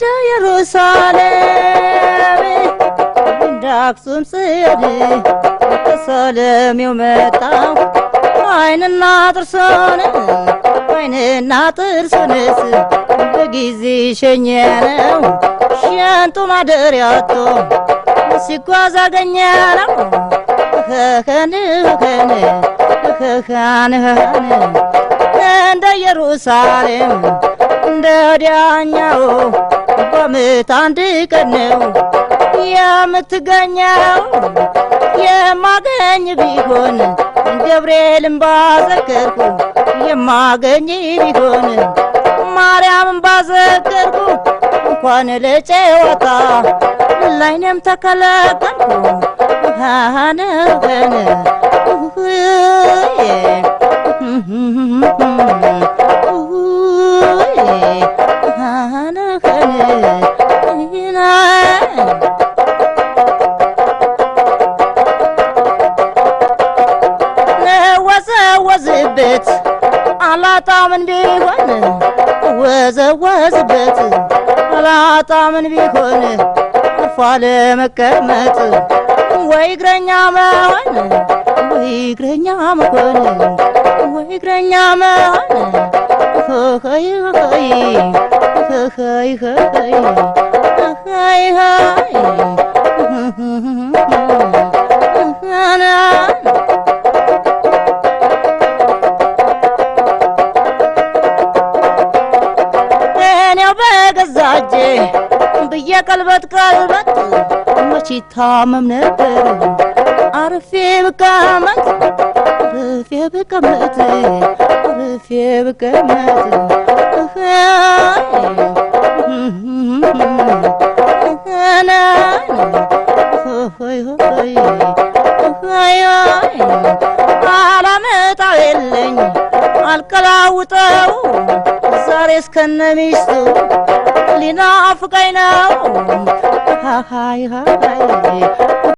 እንደ ኢየሩሳሌም እንደ አክሱም ጽዮን ከሰለሜው መጣው አይንና ጥርሶን አይንና ጥርሶንስ በጊዜ ሸኘነው ሸንቱ ማደሪያቶ ሲጓዝ አገኘነው ህህን ህህን ህህን ህህን እንደ ኢየሩሳሌም እንደ ዳኛው በምት አንድ ቀን ነው የምትገኘው። የማገኝ ቢሆን ገብርኤልን ባዘከርኩ የማገኝ ቢሆን ማርያምን ባዘከርኩ እንኳን ለጨዋታ ላይኔም ተከለከልኩ ሃነገን ወዘወዝበት አላጣምን ቢሆን ወዘወዝበት አላጣምን ቢሆን አርፎ ለመቀመጥ ወይ እግረኛ መሆን ወይ እግረኛ መሆን ወይ እግረኛ መሆን ሆይ ሆይ ሆይ ሆይ ሆይ ሆይ ብዬ ቀልበት ቀልበት መቼ ታመም ነበር አርፌ ብቀመጥ አርፌ ብቀመጥ አርፌ ብቀመጥ አላመጣው የለኝ አልቀላውጠው ዛሬ እስከነ ሚስቱ enough, I know. Hi, hi.